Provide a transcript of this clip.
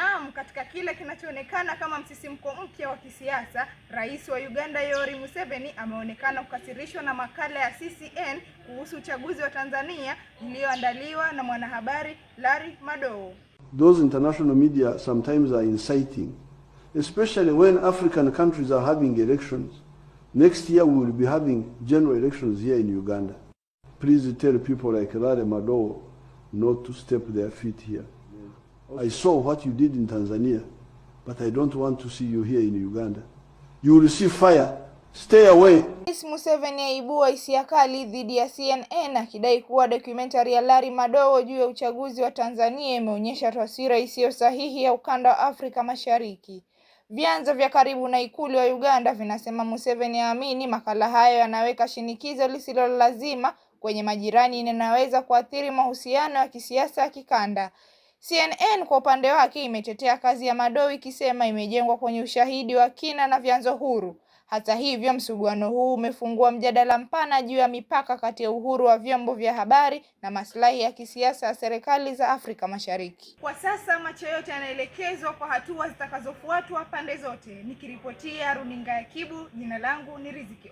Naam, katika kile kinachoonekana kama msisimko mpya wa kisiasa, Rais wa Uganda Yoweri Museveni ameonekana kukasirishwa na makala ya CCN kuhusu uchaguzi wa Tanzania iliyoandaliwa na mwanahabari Larry Madowo. Those international media sometimes are inciting, especially when African countries are having elections. Next year we will be having general elections here in Uganda. Please tell people like Larry Madowo not to step their feet here. Okay. I saw what you did in Tanzania, but I don't want to see you here in Uganda. You will see fire. Stay away. Rais Museveni aibua hisia kali dhidi ya CNN akidai kuwa dokumentari ya Larry Madowo juu ya uchaguzi wa Tanzania imeonyesha taswira isiyo sahihi ya ukanda wa Afrika Mashariki. Vyanzo vya karibu na ikulu ya Uganda vinasema Museveni aamini makala hayo yanaweka shinikizo lisilo lazima kwenye majirani inaweza kuathiri mahusiano ya kisiasa ya kikanda. CNN kwa upande wake imetetea kazi ya Maddow ikisema imejengwa kwenye ushahidi wa kina na vyanzo huru. Hata hivyo, msuguano huu umefungua mjadala mpana juu ya mipaka kati ya uhuru wa vyombo vya habari na maslahi ya kisiasa ya serikali za Afrika Mashariki. Kwa sasa macho yote yanaelekezwa kwa hatua zitakazofuatwa pande zote. Nikiripotia runinga ya Kibu, jina langu ni Riziki.